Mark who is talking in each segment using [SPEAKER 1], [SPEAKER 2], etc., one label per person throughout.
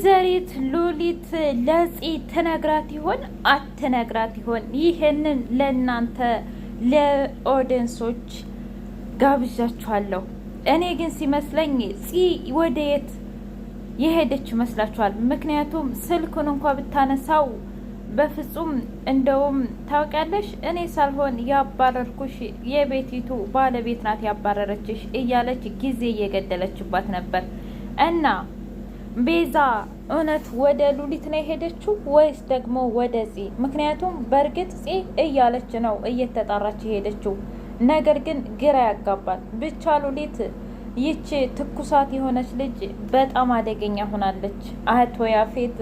[SPEAKER 1] ወይዘሪት ሉሊት ለፂ ትነግራት ይሆን አትነግራት ይሆን? ይህንን ለእናንተ ለኦዲየንሶች ጋብዣችኋለሁ። እኔ ግን ሲመስለኝ ፂ ወደ የት የሄደች ይመስላችኋል? ምክንያቱም ስልኩን እንኳ ብታነሳው በፍጹም እንደውም ታውቂያለሽ፣ እኔ ሳልሆን ያባረርኩሽ የቤቲቱ ባለቤት ናት ያባረረችሽ እያለች ጊዜ እየገደለችባት ነበር እና ቤዛ እውነት ወደ ሉሊት ነው የሄደችው ወይስ ደግሞ ወደ ምክንያቱም በእርግጥ ፄ እያለች ነው እየተጣራች የሄደችው። ነገር ግን ግራ ያጋባል። ብቻ ሉሊት ይች ትኩሳት የሆነች ልጅ በጣም አደገኛ ሆናለች። አቶ ያፌት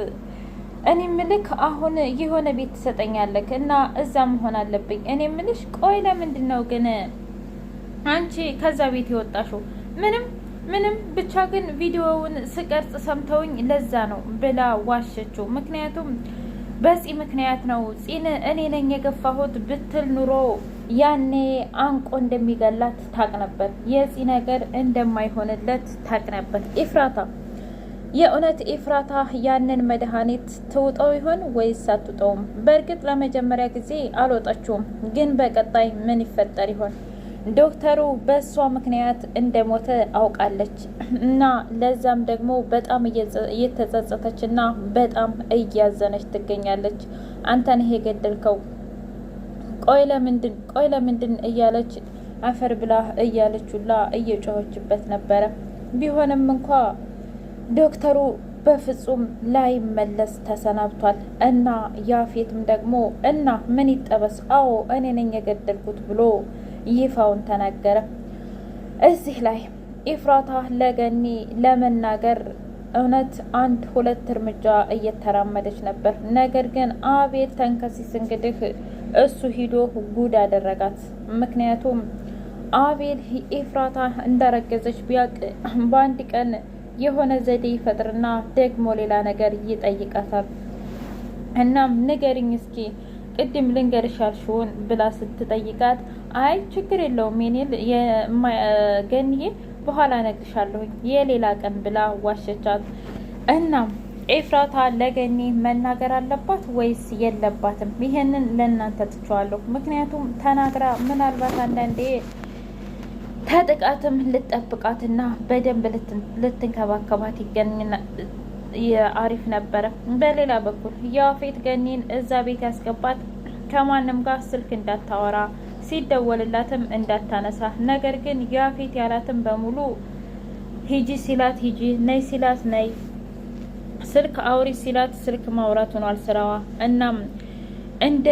[SPEAKER 1] እኔ ምልክ አሁን የሆነ ቤት ትሰጠኛለክ እና እዛ መሆን አለብኝ። እኔ ምልሽ ቆይ፣ ለምንድን ነው ግን አንቺ ከዛ ቤት የወጣሽው? ምንም ምንም ብቻ ግን ቪዲዮውን ስቀርጽ ሰምተውኝ ለዛ ነው ብላ ዋሸችው። ምክንያቱም በፂ ምክንያት ነው ፂን እኔ ነኝ የገፋሁት ብትል ኑሮ ያኔ አንቆ እንደሚገላት ታቅ ነበር። የፂ ነገር እንደማይሆንለት ታቅ ነበር። ኢፍራታ የእውነት ኢፍራታ ያንን መድኃኒት ትውጠው ይሆን ወይስ አትውጠውም? በእርግጥ ለመጀመሪያ ጊዜ አልወጣችውም፣ ግን በቀጣይ ምን ይፈጠር ይሆን? ዶክተሩ በእሷ ምክንያት እንደሞተ አውቃለች እና ለዛም ደግሞ በጣም እየተጸጸተች እና በጣም እያዘነች ትገኛለች። አንተን ይሄ ገደልከው ቆይ ለምንድን ቆይ ለምንድን እያለች አፈር ብላ እያለች ሁላ እየጮኸችበት ነበረ። ቢሆንም እንኳ ዶክተሩ በፍጹም መለስ ተሰናብቷል እና ያፌትም ደግሞ እና ምን ይጠበስ፣ አዎ እኔ ነኝ የገደልኩት ብሎ ይፋውን ተናገረ። እዚህ ላይ ኢፍራታ ለገኒ ለመናገር እውነት አንድ ሁለት እርምጃ እየተራመደች ነበር። ነገር ግን አቤል ተንከሲስ እንግዲህ እሱ ሂዶ ጉድ አደረጋት። ምክንያቱም አቤል ኢፍራታ እንዳረገዘች ቢያቅ በአንድ ቀን የሆነ ዘዴ ይፈጥርና ደግሞ ሌላ ነገር ይጠይቃታል። እናም ንገሪኝ እስኪ ቅድም ልንገር ያልሽውን ብላ ስትጠይቃት አይ ችግር የለውም ገንዬ በኋላ እነግርሻለሁኝ የሌላ ቀን ብላ ዋሸቻት። እናም ኤፍራታ ለገኒ መናገር አለባት ወይስ የለባትም? ይሄንን ለእናንተ ትችዋለሁ። ምክንያቱም ተናግራ ምናልባት አንዳንዴ ተጥቃትም ልጠብቃትና በደንብ ልትንከባከባት አሪፍ ነበረ። በሌላ በኩል የዋፌት ገኒን እዛ ቤት ያስገባት ከማንም ጋር ስልክ እንዳታወራ ሲደወልላትም እንዳታነሳ። ነገር ግን ያፌት ያላትም በሙሉ ሂጂ ሲላት ሂጂ፣ ነይ ሲላት ነይ፣ ስልክ አውሪ ሲላት ስልክ ማውራት ሆኗል ስራዋ። እናም እንደ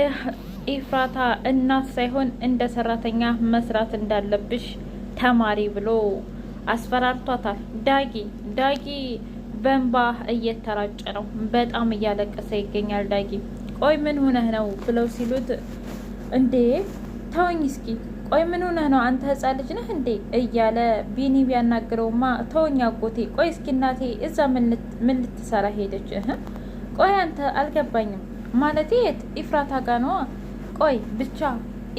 [SPEAKER 1] ኢፍራታ እናት ሳይሆን እንደ ሰራተኛ መስራት እንዳለብሽ ተማሪ ብሎ አስፈራርቷታል። ዳጊ ዳጊ በእንባ እየተራጨ ነው። በጣም እያለቀሰ ይገኛል ዳጊ። ቆይ ምን ሆነህ ነው ብለው ሲሉት እንዴ ተወኝ እስኪ ቆይ ምን ሆነህ ነው አንተ ህፃን ልጅ ነህ እንዴ እያለ ቢኒ ቢያናግረውማ ተወኝ አጎቴ ቆይ እስኪ እናቴ እዛ ምን ልትሰራ ሄደች ቆይ አንተ አልገባኝም ማለት የት ኢፍራታ ጋ ነዋ ቆይ ብቻ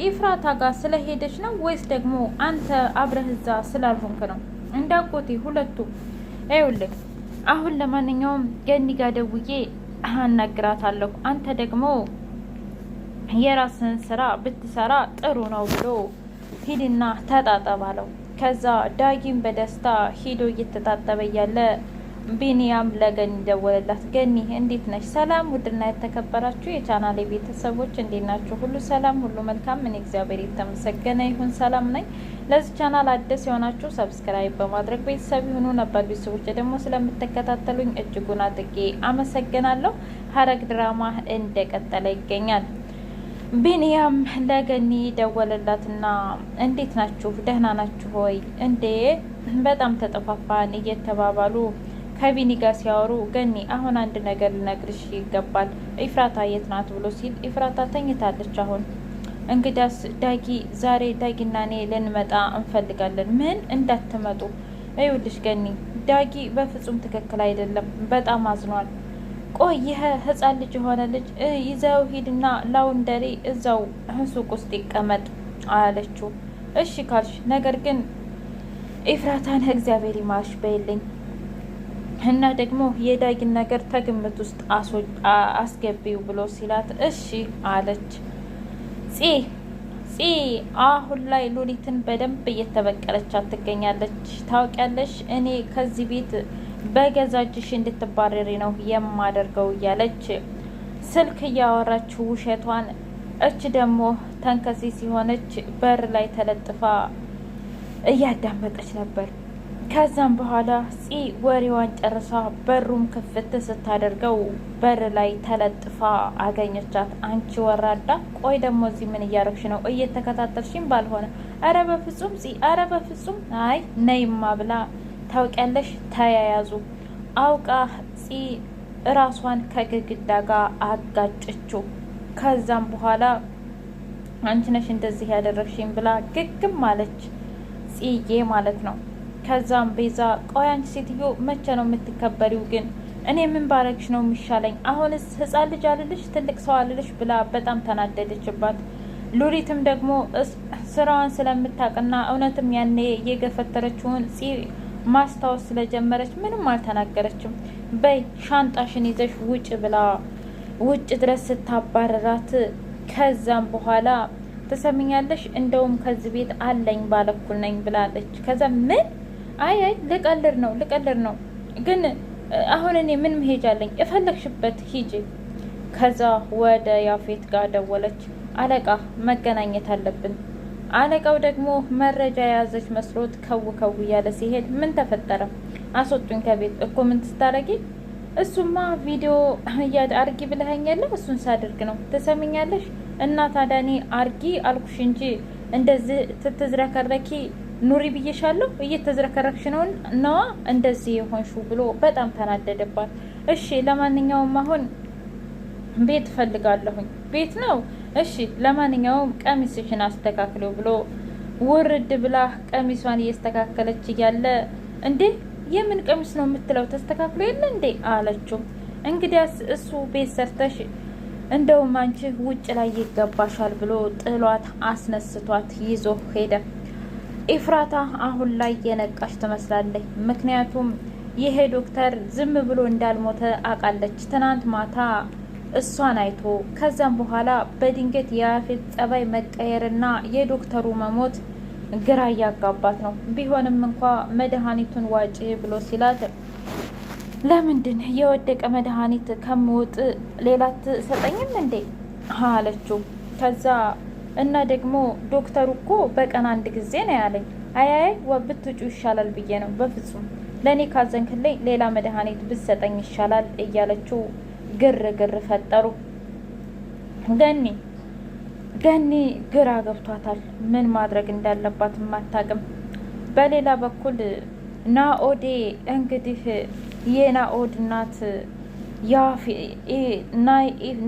[SPEAKER 1] ኢፍራታ ጋ ስለሄደች ነው ወይስ ደግሞ አንተ አብረህ እዛ ስላልሆንክ ነው እንደ አጎቴ ሁለቱ ይኸውልህ አሁን ለማንኛውም ገኒ ጋ ደውዬ አናግራታለሁ አንተ ደግሞ የራስን ስራ ብትሰራ ጥሩ ነው ብሎ ሂድና ተጣጠብ አለው። ከዛ ዳጊም በደስታ ሂዶ እየተጣጠበ እያለ ቢኒያም ለገኒ ደወለላት። ገኒ እንዴት ነሽ? ሰላም ውድና የተከበራችሁ የቻናሌ ቤተሰቦች እንዴት ናችሁ? ሁሉ ሰላም፣ ሁሉ መልካም። ምን እግዚአብሔር የተመሰገነ ይሁን። ሰላም ነኝ። ለዚህ ቻናል አዲስ የሆናችሁ ሰብስክራይብ በማድረግ ቤተሰብ ይሁኑ። ነባር ቤተሰቦች ደግሞ ስለምትከታተሉኝ እጅጉን አጥጌ አመሰግናለሁ። ሐረግ ድራማ እንደቀጠለ ይገኛል። ቢንያም ለገኒ ደወለላትና እንዴት ናችሁ? ደህና ናችሁ ሆይ? እንዴ በጣም ተጠፋፋን እየተባባሉ ከቢኒ ጋር ሲያወሩ ገኒ አሁን አንድ ነገር ልነግርሽ ይገባል። ኢፍራታ የት ናት ብሎ ሲል ኢፍራታ ተኝታለች። አሁን እንግዳስ ዳጊ ዛሬ ዳጊና እኔ ልንመጣ እንፈልጋለን። ምን እንዳትመጡ። እዩልሽ ገኒ ዳጊ በፍጹም ትክክል አይደለም። በጣም አዝኗል። ቆይ ይህ ህፃን ልጅ የሆነ ልጅ ይዘው ሂድና ላውንደሪ እዛው ሱቅ ውስጥ ይቀመጥ አለችው። እሺ ካልሽ፣ ነገር ግን ኤፍራታን እግዚአብሔር ይማሽ በይልኝ እና ደግሞ የዳጊን ነገር ተግምት ውስጥ አስገቢው ብሎ ሲላት እሺ አለች። ፂ ፂ አሁን ላይ ሉሊትን በደንብ እየተበቀለቻት ትገኛለች። ታውቂያለሽ እኔ ከዚህ ቤት በገዛጅሽ እንድትባረሪ ነው የማደርገው እያለች ስልክ እያወራች ውሸቷን እች ደግሞ ተንከሴ ሲሆነች በር ላይ ተለጥፋ እያዳመጠች ነበር። ከዛም በኋላ ፂ ወሬዋን ጨርሳ በሩም ክፍት ስታደርገው በር ላይ ተለጥፋ አገኘቻት። አንቺ ወራዳ፣ ቆይ ደግሞ እዚህ ምን እያረግሽ ነው? እየተከታተልሽም ባልሆነ። አረ በፍጹም ፂ፣ አረ በፍጹም አይ ነይማ ብላ ታውቂያለሽ፣ ተያያዙ። አውቃ ፂ እራሷን ከግድግዳ ጋር አጋጨችው። ከዛም በኋላ አንቺ ነሽ እንደዚህ ያደረግሽኝ ብላ ግግም አለች ጽዬ ማለት ነው። ከዛም ቤዛ ቆይ አንቺ ሴትዮ መቼ ነው የምትከበሪው? ግን እኔ ምን ባረግሽ ነው የሚሻለኝ? አሁንስ ህፃን ልጅ አልልሽ ትልቅ ሰው አልልሽ ብላ በጣም ተናደደችባት። ሉሪትም ደግሞ ስራዋን ስለምታውቅና እውነትም ያኔ የገፈተረችውን ማስታወስ ስለጀመረች ምንም አልተናገረችም። በይ ሻንጣሽን ይዘሽ ውጭ ብላ ውጭ ድረስ ስታባረራት ከዛም በኋላ ትሰምኛለሽ፣ እንደውም ከዚህ ቤት አለኝ ባለኩል ነኝ ብላለች። ከዛ ምን አይ አይ ልቀልር ነው ልቀልር ነው፣ ግን አሁን እኔ ምን መሄጃ አለኝ? የፈለግሽበት ሂጂ። ከዛ ወደ ያፌት ጋር ደወለች። አለቃ መገናኘት አለብን አለቃው ደግሞ መረጃ የያዘች መስሎት ከው ከው እያለ ሲሄድ ምን ተፈጠረ? አስወጡኝ ከቤት እኮ ምን ትስታረጊ? እሱማ ቪዲዮ አርጊ ብለኸኝ የለ እሱን ሳድርግ ነው። ትሰምኛለሽ? እና ታዲያ እኔ አርጊ አልኩሽ እንጂ እንደዚህ ትትዝረከረኪ ኑሪ ብዬሻለሁ። እየተዝረከረክሽ ነው ነዋ እንደዚህ የሆንሹ ብሎ በጣም ተናደደባት። እሺ ለማንኛውም አሁን ቤት እፈልጋለሁኝ። ቤት ነው እሺ ለማንኛውም ቀሚስሽን አስተካክለው ብሎ ውርድ ብላ ቀሚሷን እየስተካከለች እያለ እንዴ የምን ቀሚስ ነው የምትለው? ተስተካክሎ የለ እንዴ አለችው። እንግዲያስ እሱ ቤት ሰርተሽ እንደውም አንቺ ውጭ ላይ ይገባሻል ብሎ ጥሏት አስነስቷት ይዞ ሄደ። ኤፍራታ አሁን ላይ የነቃሽ ትመስላለች። ምክንያቱም ይሄ ዶክተር ዝም ብሎ እንዳልሞተ አውቃለች። ትናንት ማታ እሷን አይቶ ከዛም በኋላ በድንገት የአፌት ጸባይ መቀየርና የዶክተሩ መሞት ግራ እያጋባት ነው። ቢሆንም እንኳ መድኃኒቱን ዋጭ ብሎ ሲላት ለምንድን የወደቀ መድኃኒት ከምወጥ ሌላ ትሰጠኝም እንዴ አለችው። ከዛ እና ደግሞ ዶክተሩ እኮ በቀን አንድ ጊዜ ነው ያለኝ። አያይ ብትውጪ ይሻላል ብዬ ነው። በፍጹም ለእኔ ካዘንክልኝ ሌላ መድኃኒት ብትሰጠኝ ይሻላል እያለችው ግርግር ፈጠሩ። ገኒ ገኒ ግራ ገብቷታል። ምን ማድረግ እንዳለባት አታውቅም። በሌላ በኩል ናኦዴ እንግዲህ የናኦድ እናት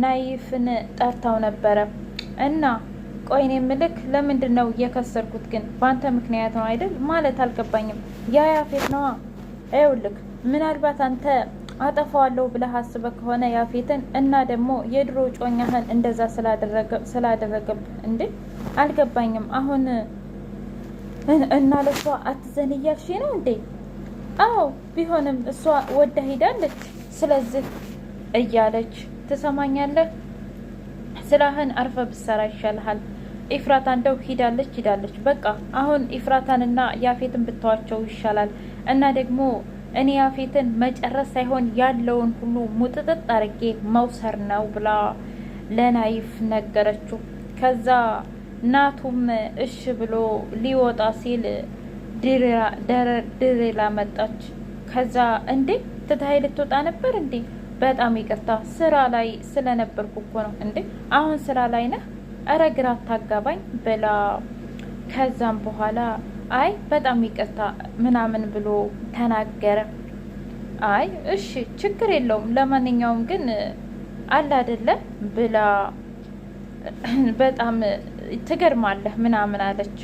[SPEAKER 1] ናይፍን ጠርታው ነበረ እና ቆይኔ ምልክ ለምንድን ነው የከሰርኩት? ግን በአንተ ምክንያት ነው አይደል? ማለት አልገባኝም። ያያፌት ነዋ። ይኸውልህ ምናልባት አንተ አጠፋዋለሁ ብለህ አስበህ ከሆነ ያፌትን እና ደግሞ የድሮ ጮኛህን እንደዛ ስላደረገብ እንዴ? አልገባኝም። አሁን እና ለሷ አትዘን እያልሽ ነው እንዴ? አዎ ቢሆንም እሷ ወዳ ሂዳለች። ስለዚህ እያለች ትሰማኛለህ፣ ስራህን አርፈ ብሰራ ይሻልሃል። ኢፍራታ እንደው ሂዳለች ሂዳለች፣ በቃ አሁን ኢፍራታንና ያፌትን ብተዋቸው ይሻላል እና ደግሞ እኔ ያፌትን መጨረስ ሳይሆን ያለውን ሁሉ ሙጥጥጥ አርጌ መውሰር ነው ብላ ለናይፍ ነገረችው። ከዛ ናቱም እሽ ብሎ ሊወጣ ሲል ድሬላ መጣች። ከዛ እንዴ ትታይ ልትወጣ ነበር እንዴ? በጣም ይቅርታ ስራ ላይ ስለነበርኩ እኮ ነው። እንዴ አሁን ስራ ላይ ነህ? እረ ግራ አታጋባኝ ብላ ከዛም በኋላ አይ በጣም ይቅርታ ምናምን ብሎ ተናገረ። አይ እሺ ችግር የለውም ለማንኛውም ግን አለ አይደለም ብላ በጣም ትገርማለህ ምናምን አለች።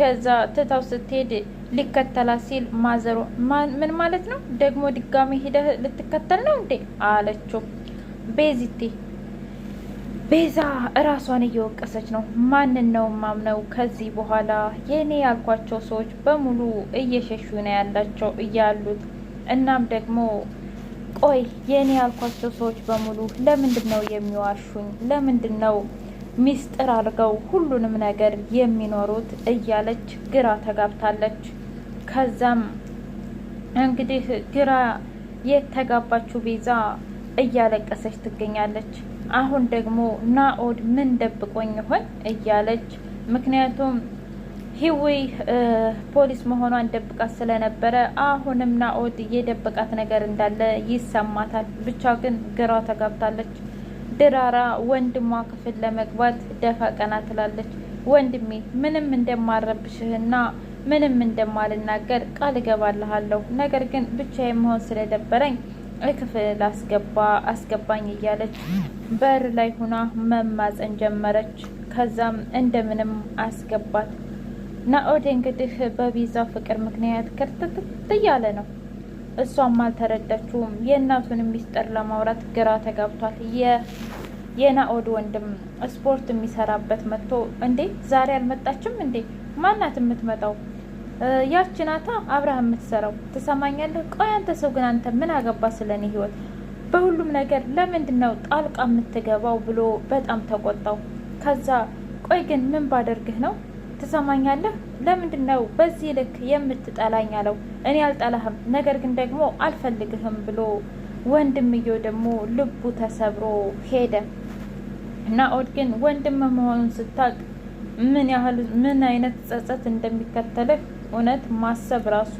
[SPEAKER 1] ከዛ ትታው ስትሄድ ሊከተላ ሲል ማዘሮ ምን ማለት ነው ደግሞ ድጋሚ ሂደህ ልትከተል ነው እንዴ አለችው ቤዚቴ ቤዛ እራሷን እየወቀሰች ነው። ማንን ነው ማምነው? ከዚህ በኋላ የኔ ያልኳቸው ሰዎች በሙሉ እየሸሹ ነው ያላቸው እያሉት እናም ደግሞ ቆይ የኔ ያልኳቸው ሰዎች በሙሉ ለምንድን ነው የሚዋሹኝ? ለምንድን ነው ሚስጥር አድርገው ሁሉንም ነገር የሚኖሩት? እያለች ግራ ተጋብታለች። ከዛም እንግዲህ ግራ የተጋባችው ቤዛ እያለቀሰች ትገኛለች። አሁን ደግሞ ናኦድ ምን ደብቆኝ ይሆን እያለች ምክንያቱም ሂዊ ፖሊስ መሆኗን ደብቃት ስለነበረ አሁንም ናኦድ የደብቃት ነገር እንዳለ ይሰማታል። ብቻ ግን ግራ ተጋብታለች። ድራራ ወንድሟ ክፍል ለመግባት ደፋ ቀና ትላለች። ወንድሜ ምንም እንደማረብሽህና ምንም እንደማልናገር ቃል እገባልሃለሁ፣ ነገር ግን ብቻ የመሆን ስለደበረኝ ክፍል አስገባ አስገባኝ እያለች በር ላይ ሁና መማፀን ጀመረች። ከዛም እንደምንም አስገባት። ናኦድ እንግዲህ በቪዛ ፍቅር ምክንያት ክርትትት እያለ ነው። እሷም አልተረዳችውም። የእናቱን ሚስጥር ለማውራት ግራ ተጋብቷል። የናኦድ ወንድም ስፖርት የሚሰራበት መጥቶ እንዴ ዛሬ አልመጣችም እንዴ? ማናት የምትመጣው ያቺ ናታ አብርሃም የምትሰራው ትሰማኛለህ? ቆይ አንተ ሰው ግን አንተ ምን አገባ ስለኔ ህይወት በሁሉም ነገር ለምንድን ነው ጣልቃ የምትገባው? ብሎ በጣም ተቆጣው። ከዛ ቆይ ግን ምን ባደርግህ ነው ትሰማኛለህ? ለምንድን ነው በዚህ ልክ የምትጠላኝ? አለው። እኔ አልጠላህም፣ ነገር ግን ደግሞ አልፈልግህም ብሎ ወንድምየው ደግሞ ልቡ ተሰብሮ ሄደ። ናኦድ ግን ወንድም መሆኑን ስታቅ ምን ያህል ምን አይነት ጸጸት እንደሚከተልህ እውነት ማሰብ ራሱ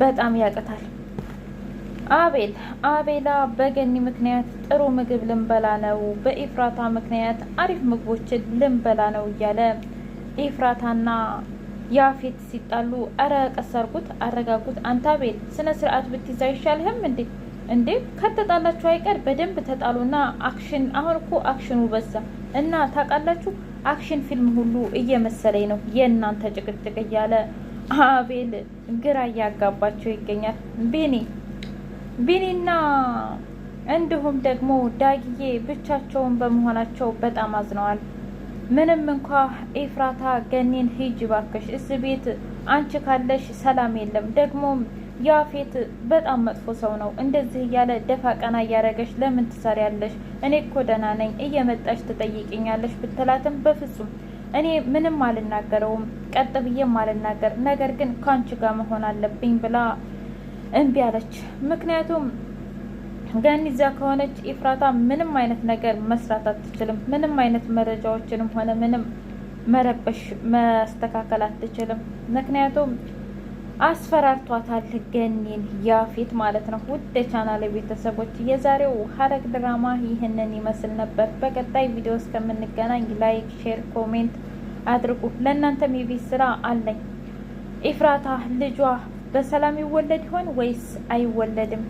[SPEAKER 1] በጣም ያቅታል። አቤል አቤላ በገኒ ምክንያት ጥሩ ምግብ ልንበላ ነው፣ በኢፍራታ ምክንያት አሪፍ ምግቦችን ልንበላ ነው እያለ ኢፍራታና ያፌት ሲጣሉ፣ አረ ቀሰርጉት፣ አረጋጉት። አንተ አቤል ስነ ስርዓት ብትይዝ አይሻልህም እንዴ? እንዴ ከተጣላችሁ አይቀር በደንብ ተጣሉና አክሽን። አሁን እኮ አክሽኑ በዛ እና ታውቃላችሁ አክሽን ፊልም ሁሉ እየመሰለኝ ነው የእናንተ ጭቅጭቅ እያለ አቤል ግራ እያጋባቸው ይገኛል። ቤኒ ቤኒና እንዲሁም ደግሞ ዳግዬ ብቻቸውን በመሆናቸው በጣም አዝነዋል። ምንም እንኳ ኤፍራታ ገኒን ሂጅ ባክሽ፣ እስ ቤት አንቺ ካለሽ ሰላም የለም ደግሞም ያፌት በጣም መጥፎ ሰው ነው። እንደዚህ እያለ ደፋ ቀና እያደረገች ለምን ትሰሪያለሽ? እኔ እኮ ደህና ነኝ፣ እየመጣሽ ትጠይቅኛለሽ ብትላትም በፍጹም እኔ ምንም አልናገረውም፣ ቀጥ ብዬም አልናገር፣ ነገር ግን ከአንቺ ጋር መሆን አለብኝ ብላ እምቢ አለች። ምክንያቱም ገኒ ከሆነች ኢፍራታ ምንም አይነት ነገር መስራት አትችልም። ምንም አይነት መረጃዎችንም ሆነ ምንም መረበሽ መስተካከል አትችልም። ምክንያቱም አስፈራርቷታል ገኒን ያፌት ማለት ነው። ውድ የቻናል ቤተሰቦች የዛሬው ሐረግ ድራማ ይህንን ይመስል ነበር። በቀጣይ ቪዲዮ እስከምንገናኝ ላይክ፣ ሼር፣ ኮሜንት አድርጉ። ለእናንተም የቤት ስራ አለኝ። ኢፍራታ ልጇ በሰላም ይወለድ ይሆን ወይስ አይወለድም?